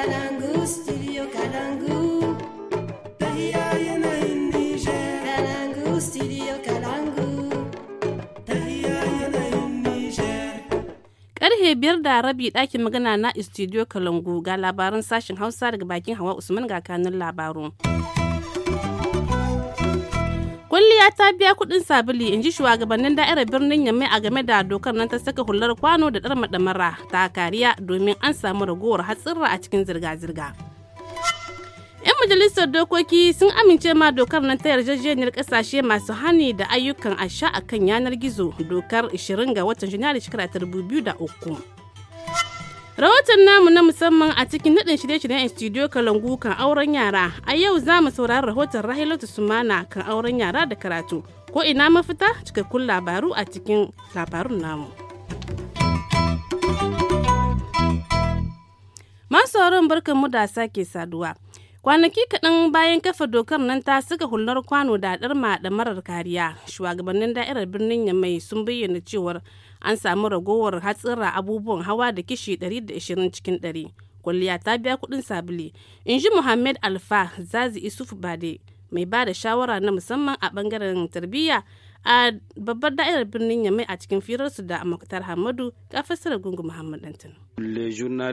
Kalangu, biyar da rabi ɗakin magana na istidiyo Kalangu ga labaran sashen Hausa daga bakin Hawa Usman ga kanun labaru. Kulliya ta biya kuɗin sabili in ji shugabannin da'irar birnin Yamai a game da dokar nan ta saka hular kwano da ɗar madamara ta kariya domin an samu ragowar hatsirra a cikin zirga-zirga. 'Yan majalisar dokoki sun amince ma dokar nan ta yarjejeniyar kasashe masu hani da ayyukan asha a kan yanar gizo dokar 20 ga watan Janairu shekara 2003. Rahoton namu na musamman a cikin naɗin shirye-shiryen studio Kalangu kan auren yara. A yau za mu saurari rahoton Rahilatu Sumana kan auren yara da karatu. Ko ina mafita cikakkun labaru a cikin labarun namu. Masu barkan mu da sake saduwa. kwanaki kaɗan bayan kafa dokar nan ta saka hular kwano da ɗarma da marar kariya shugabannin da'irar birnin yamai sun bayyana cewar an samu ragowar hatsira abubuwan hawa da kishi 120 cikin 100 kwalliya ta biya kudin sabili in ji muhammad alfa zazi isuf bade mai ba da shawara na musamman a bangaren tarbiyya a babbar da'irar birnin yamai a cikin firarsu da muktar hamadu ga fassara gungun muhammad dantin 'Yan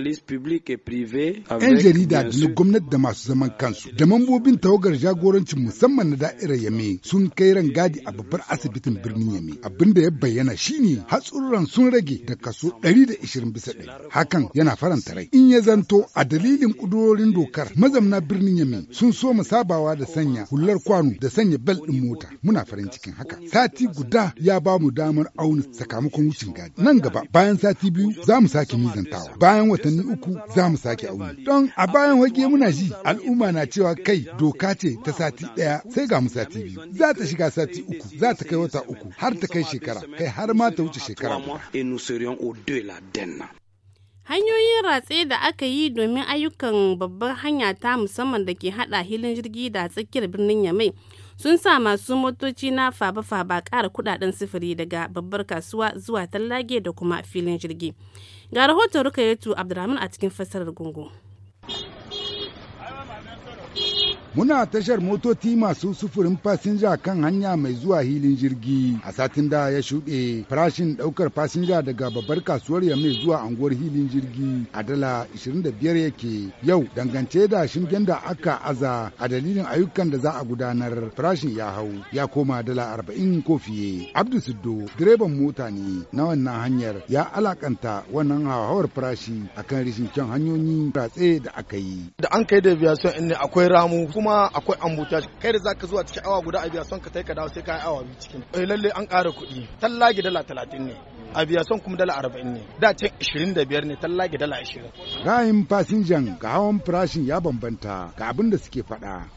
jarida na gwamnati da masu zaman kansu da mambobin tawagar jagorancin musamman na da'irar Yame sun kai ran gadi a babbar asibitin birnin Yame. Abin da ya bayyana shine hatsuran sun rage da kaso 120 bisa ɗari. Hakan yana faranta rai. In ya zanto a dalilin ƙudurorin dokar mazamna birnin Yame sun so mu sabawa da sanya hular kwano da sanya bel ɗin mota. Muna farin cikin haka. Sati guda ya ba mu damar auna sakamakon wucin gadi. Nan gaba bayan sati biyu za mu sake mizanta. bayan watanni uku za mu sake aure don a bayan wage muna ji al'umma na cewa kai doka ce ta sati ɗaya sai ga mu sati biyu za ta shiga sati uku za ta kai wata uku har ta kai shekara kai har ma ta wuce shekara hanyoyin ratse da aka yi domin ayyukan babbar hanya ta musamman da ke hada hilin jirgi da tsakiyar birnin yamai sun sa masu motoci na faba-faba ƙara kudaden sifiri daga babbar kasuwa zuwa tallage da kuma filin jirgi ga rahoton rukayetu abdulrahman a cikin fassarar gungun Muna tashar motoci masu sufurin fasinja kan hanya mai zuwa hilin jirgi. A satin da ya shuɗe farashin ɗaukar fasinja daga babbar kasuwar ya mai zuwa anguwar hilin jirgi a dala 25 yake. Yau dangance da shingen da aka aza a dalilin ayyukan da za a gudanar farashin ya hau ya koma dala 40 ko fiye. Abdu Siddo direban mota ne na wannan hanyar ya alakanta wannan hauhawar farashi akan rishin kyan hanyoyi ratse da aka yi. Da an kai da in ne akwai ramu kuma kuma akwai ambuta kai da zaka zuwa cikin awa guda abiya son ka tai dawo sai ka yi awa biyu cikin eh lalle an ƙara kuɗi tallage dala talatin ne a son kuma dala arba'in ne da can ishirin da biyar ne tallage dala ashirin ra'ayin fasinjan ga hawan farashin ya bambanta ga abin da suke faɗa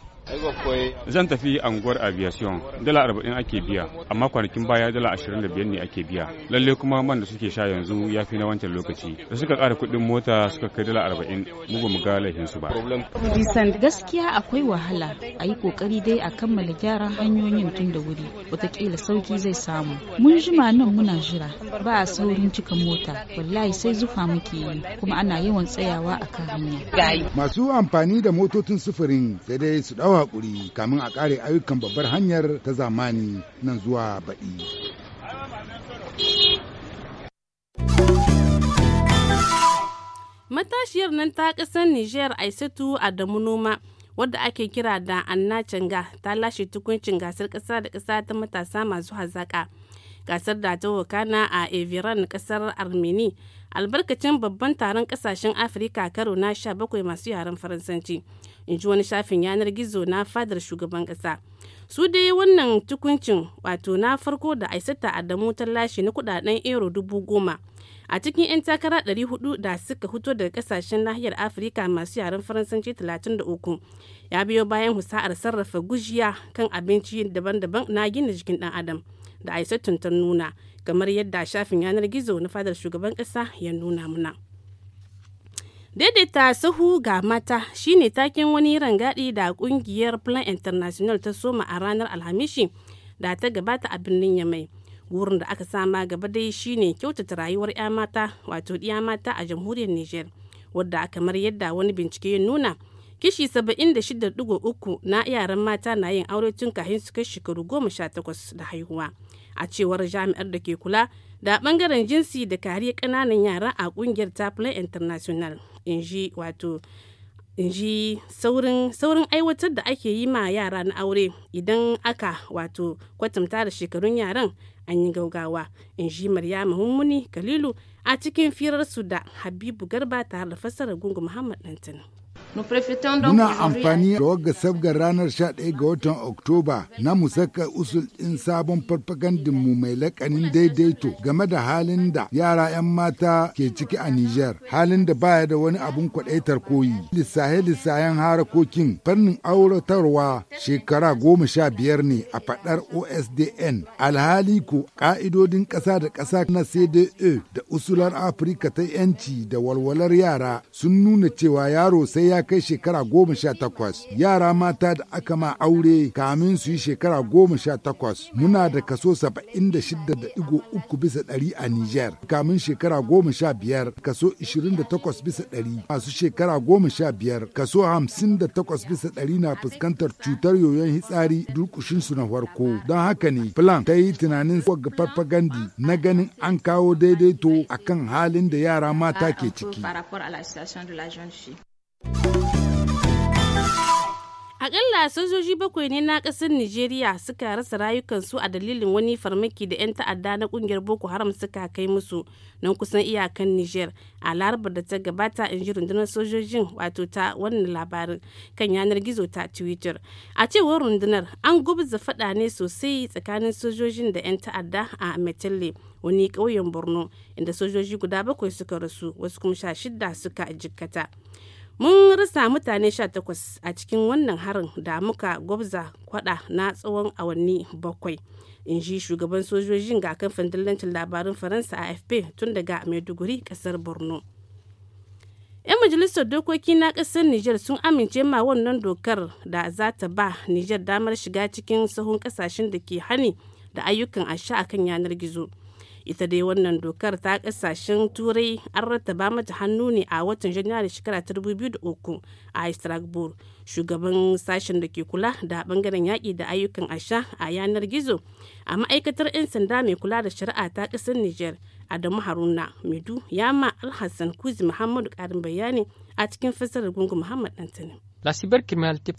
Zan tafi anguwar aviation dala arba'in ake biya amma kwanakin baya dala ashirin da biyar ne ake biya lalle kuma man da suke sha yanzu ya fi na wancan lokaci da suka ƙara kuɗin mota suka kai dala arba'in mu ba mu ga su ba. Gaskiya akwai wahala a yi ƙoƙari dai a kammala gyaran hanyoyin tun da wuri watakila sauki zai samu. Mun jima nan muna jira ba a saurin cika mota wallahi sai zufa muke yi kuma ana yawan tsayawa a kan hanya. Masu amfani da motocin sufurin sai dai su ɗawa haƙuri kamin a ƙare ayyukan babbar hanyar ta zamani nan zuwa baɗi. Matashiyar nan ta ƙasar Nijiyar Aisatu Adamu Noma wadda ake kira da Anna Canga ta lashe tukuncin gasar ƙasa da ƙasa ta matasa masu hazaƙa. gasar da ta wakana a eviran kasar armeni albarkacin babban taron kasashen afirka karo na 17 masu yaren faransanci in ji wani shafin yanar gizo na fadar shugaban kasa su dai wannan tukuncin wato na farko da aisata adamu ta lashe na kudaden euro dubu goma a cikin 'yan takara 400 da suka fito daga kasashen nahiyar afirka masu yaren faransanci 33 ya biyo bayan husa'ar sarrafa gujiya kan abinci daban-daban na gina jikin dan adam da aisatun ta nuna kamar yadda shafin yanar gizo na fadar shugaban kasa ya nuna muna daidaita sahu ga mata shine taken wani rangadi da kungiyar plan international ta soma a ranar alhamishi da ta gabata a birnin yamai wurin da aka sama gaba dai shine kyautata rayuwar 'ya mata wato 'ya mata a jamhuriyar niger wadda kamar yadda wani bincike ya nuna Kishi 76.3 na yaran mata na yin aure tun kahin su kai shekaru 18 da haihuwa. A cewar jami'ar da ke kula da bangaren jinsi da kariya kananan yara a kungiyar Taplay International. In ji wato in ji saurin aiwatar da ake yi ma yara na aure idan aka wato kwatanta da shekarun yaran an yi gaugawa in ji maryama mummuni kalilu a cikin firarsu da habibu garba tare da fassara gungu muhammad dantin Muna amfani da wagga sabgar ranar 11 ga watan Oktoba na musaka usul ɗin sabon mu mai laƙanin daidaito game da halin da yara 'yan mata ke ciki a Nijar, halin da baya da wani abun kwaɗaitar koyi. lissaye lissahen harakokin fannin auratarwa shekara goma sha biyar ne a faɗar OSDN. Alhali ko ƙa'idodin ƙasa da ƙasa na CDE da usular Afirka ta 'yanci da walwalar yara sun nuna cewa yaro sai ya kai shekara goma sha takwas yara mata da aka ma aure kamin su yi shekara goma sha takwas muna da kaso saba'in da shidda da digo uku bisa ɗari a Nijar kamin shekara goma sha biyar kaso ishirin da takwas bisa ɗari masu shekara goma sha biyar kaso hamsin da takwas bisa ɗari na fuskantar cutar yoyon hitsari su na farko don haka ne plan ta yi tunanin wagga farfagandi na ganin an kawo daidaito akan halin da yara mata ke ciki. akalla sojoji bakwai ne na ƙasar nigeria suka rasa rayukansu a dalilin wani farmaki da 'yan ta'adda na kungiyar boko haram suka kai musu nan kusan iyakan niger a larabar da ta gabata in ji rundunar sojojin wato ta wannan labarin kan yanar gizo ta twitter a cewar rundunar an gubza faɗa ne sosai tsakanin sojojin da 'yan ta'adda a metalle wani ƙauyen borno inda sojoji guda bakwai suka rasu wasu kuma sha shida suka jikkata mun rasa mutane 18 a cikin wannan harin da muka gwabza kwada na tsawon awanni bakwai in ji shugaban sojojin ga kamfan dillancin labarin faransa a afp tun daga maiduguri kasar borno 'yan majalisar dokoki na kasar niger sun amince ma wannan dokar da za ta ba niger damar shiga cikin sahun kasashen da ke hani da ayyukan asha akan yanar gizo ita dai wannan dokar ta kasashen turai an rattaba mata hannu ne a watan janairu shekara ta 2003 a strasbourg shugaban sashen da ke kula da bangaren yaƙi da ayyukan asha a yanar gizo a ma'aikatar 'yan sanda mai kula da shari'a ta ƙasar niger adamu haruna medu yama alhassan kuzi muhammadu ƙarin bayani a cikin fasarar gungun muhammad dantani La cybercriminalité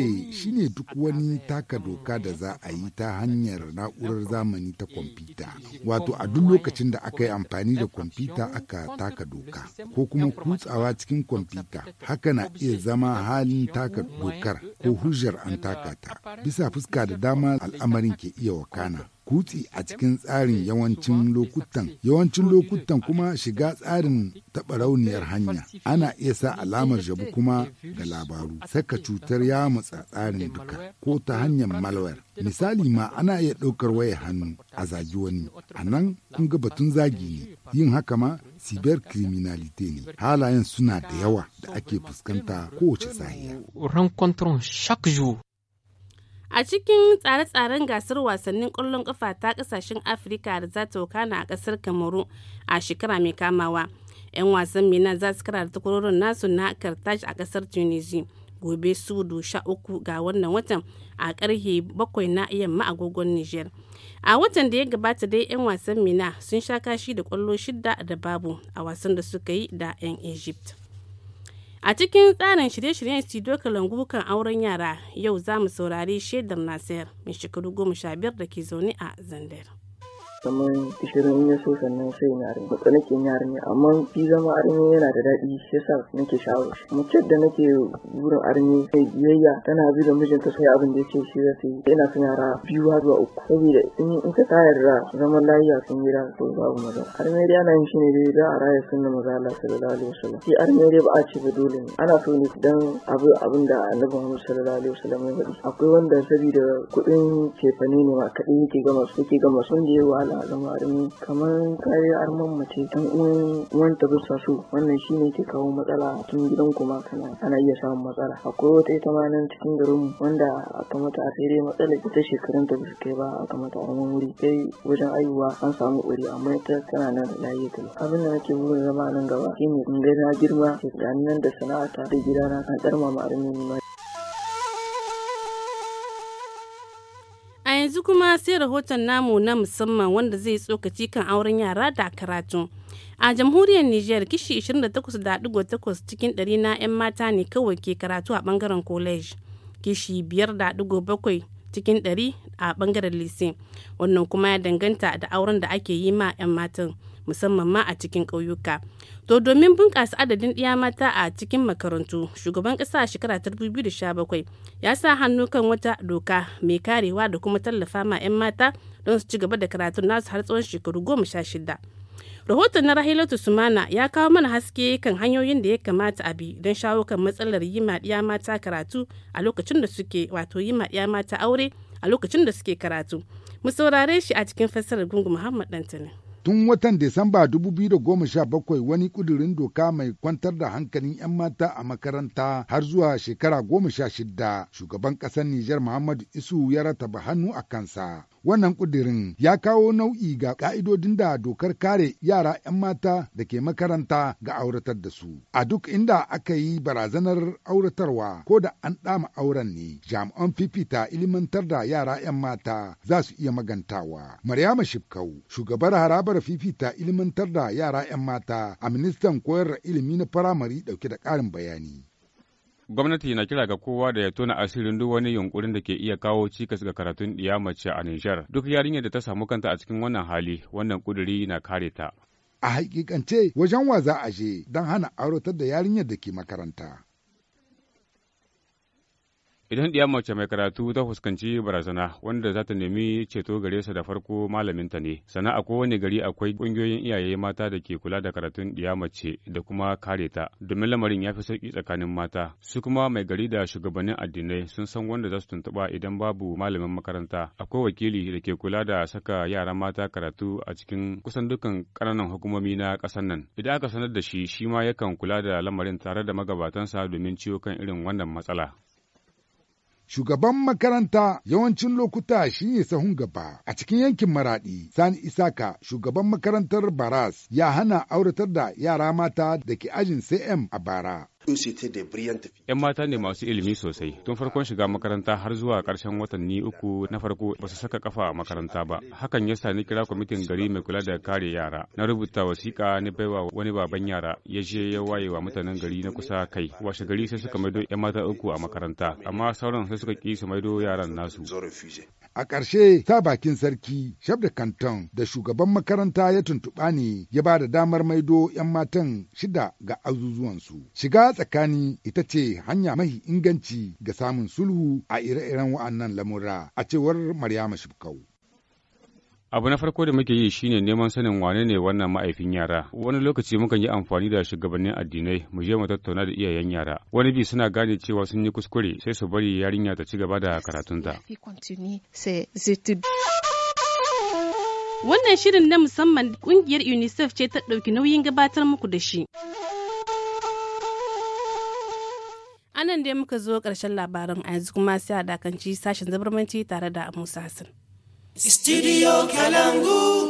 est shi shine duk wani taka doka da za a yi ta hanyar na'urar zamani ta kwamfuta. Wato a duk lokacin da aka yi amfani da kwamfuta aka taka doka ko kuma kutsawa cikin kwamfuta haka na iya zama halin taka dokar ko hujjar an taka ta. Bisa fuska da dama al'amarin ke iya wakana. kutsi a cikin tsarin yawancin lokutan yawancin lokutan kuma shiga tsarin taɓa rauniyar hanya ana iya sa alamar jabu kuma ga labaru saka cutar ya matsa tsarin duka ko ta hanyar malware misali ma ana iya ɗaukar waya hannu a zagi wani a nan kun ga batun zagi ne yin haka ma cyber criminality ne halayen suna da yawa da ake fuskanta kowace sahiya. Rencontrons chaque jour A cikin tsare-tsaren gasar wasannin kwallon ƙafa ta kasashen Afirka da za ta wakana a ƙasar Kamaru a shekara mai kamawa. 'Yan wasan Mina za su kara da takwarorin nasu na Kartaj a ƙasar Tunisia. Gobe su do sha uku ga wannan watan a ƙarhe bakwai na yamma agogon Nijar. A watan da ya gabata dai 'yan wasan Mina sun sha kashi da kwallo shida da babu a wasan da suka yi da 'yan Egypt. A cikin tsarin shirye-shiryen studio Kalangu kan auren yara yau za mu saurari shaidar Nasir mai shekaru goma sha biyar da ke zaune a Zandar. zaman ishirin ya so sannan sai na arme matsa nake yin arme amma shi zama arme yana da daɗi shi yasa nake sha'awar mace da nake wurin arme sai biyayya tana bi da mijinta sai abin da yake shi za su yi ina son yara biyu har zuwa uku saboda in ka tayar da zaman lafiya sun yi da ko babu maza arme dai ana yin shi ne dai za a raya da maza Allah sallallahu alaihi wasallam shi arme dai ba a ce ba dole ne ana so ne dan abu abin da annabi Muhammad sallallahu alaihi wasallam ya faɗi akwai wanda saboda kuɗin cefane ne ma kaɗai yake gama su yake gama sun je wa al'amarin kamar kare arman mace dan uwan wanta bisa su, wannan shine ke kawo matsala a cikin gidan kuma kana ana iya samun matsala akwai wata ita ma nan cikin garinmu wanda a kamata a tsere matsala ita shekarun ta bisa kai ba a kamata a wani wuri sai wajen aihuwa an samu ƙuri amma ita tana nan layi ta yi. abin da nake mun zama nan gaba ne in gani na girma shekarun nan da sana'ata da gidana kan tsarmama armeni ma yanzu kuma sai rahoton namu na musamman wanda zai tsokaci kan auren yara da karatu. A jamhuriyar Nijar kishi 28.8 cikin 100 na 'yan mata ne kawai ke karatu a bangaren college, kishi 5.7 cikin 100 a bangaren lise. Wannan kuma ya danganta da auren da ake yi ma 'yan matan. musamman ma a cikin ƙauyuka. To domin bunƙasa adadin ɗiya mata a cikin makarantu, shugaban ƙasa a shekara ta 2017 ya sa hannu kan wata doka mai karewa da kuma tallafa ma 'yan mata don su ci gaba da karatun nasu har tsawon shekaru goma sha shida. Rahoton na Rahilatu Sumana ya kawo mana haske kan hanyoyin da ya kamata a bi don shawo kan matsalar yi ma ɗiya mata karatu a lokacin da suke wato yi ma ɗiya mata aure a lokacin da suke karatu. Mu saurare shi a cikin fassarar Gungu Muhammad Dantani. Tun watan Disamba 2017 wani ƙudirin doka mai kwantar da hankalin 'yan mata a makaranta har zuwa shekara goma sha 16 shugaban ƙasar Nijar Muhammadu Isu ya rataba hannu a kansa. Wannan ƙudirin ya kawo nau'i ga ƙa'idodin da dokar kare yara 'yan mata da ke makaranta ga auratar da su. A duk inda aka yi barazanar auratarwa ko da an ɗama auren ne, jami'an fifita ilimantar da yara 'yan mata za su iya magantawa. Maryama Shifkau, shugabar harabar fifita ilimantar da yara 'yan mata a ministan koyar ilimi na firamare ɗauke da ƙarin bayani. Gwamnati na kira ga kowa da ya tona asirin duk wani yunkurin da ke iya kawo cikas ga karatun ɗiya mace a Nijar. Duk yarinyar da ta samu kanta a cikin wannan hali, wannan ƙuduri na kare ta. a hakikance wajen wa za a je don hana aurotar da yarinyar da ke makaranta. Idan ɗiya mace mai karatu ta fuskanci barazana wanda za ta nemi ceto gare sa da farko malaminta ne. Sana a kowane gari akwai ƙungiyoyin iyaye mata da ke kula da karatun ɗiya mace da kuma kare ta. Domin lamarin ya fi sauƙi tsakanin mata. Su kuma mai gari da shugabannin addinai sun san wanda za su tuntuɓa idan babu malamin makaranta. Akwai wakili da ke kula da saka yara mata karatu a cikin kusan dukkan ƙananan hukumomi na ƙasar nan. Idan aka sanar da shi shi ma yakan kula da lamarin tare da magabatansa domin ciwo kan irin wannan matsala. Shugaban makaranta yawancin lokuta shi ne sahun gaba a cikin yankin Maraɗi. Sani Isaka shugaban makarantar Baras ya hana auratar da yara mata da ke ajin CM a bara. 'Yan mata ne masu ilimi sosai, tun farkon shiga makaranta har zuwa ƙarshen watanni uku na farko ba su saka kafa a makaranta ba. Hakan ya sa ni kira kwamitin gari mai kula da kare yara. Na rubuta wasiƙa na baiwa wani baban yara ya je ya waye wa mutanen gari na kusa kai. Washe gari sai suka maido 'yan mata uku a makaranta, amma sauran sai suka ki su maido yaran nasu. A ƙarshe ta bakin sarki Shabda Kanton da shugaban makaranta ya tuntuɓa ne ya ba da damar maido 'yan matan shida ga azuzuwansu. Shiga tsakani ita ce hanya mahi inganci ga samun sulhu a ire-iren wa'annan lamura a cewar Maryama Shibkau. abu na farko da muke yi shine neman sanin wane ne wannan ma'aifin yara wani lokaci mukan yi amfani da shugabannin addinai mu je mu tattauna da iyayen yara wani bi suna gane cewa sun yi kuskure sai su bari yarinya ta ci gaba da karatunta wannan shirin na musamman kungiyar unicef ce ta ɗauki nauyin gabatar muku da shi anan dai muka zo ƙarshen labaran a yanzu kuma sai a dakanci sashen zabarmanci tare da musa hassan Studio Kalangu.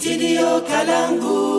studio kalangu